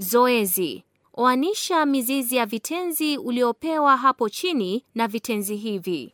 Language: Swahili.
Zoezi: oanisha mizizi ya vitenzi uliopewa hapo chini na vitenzi hivi.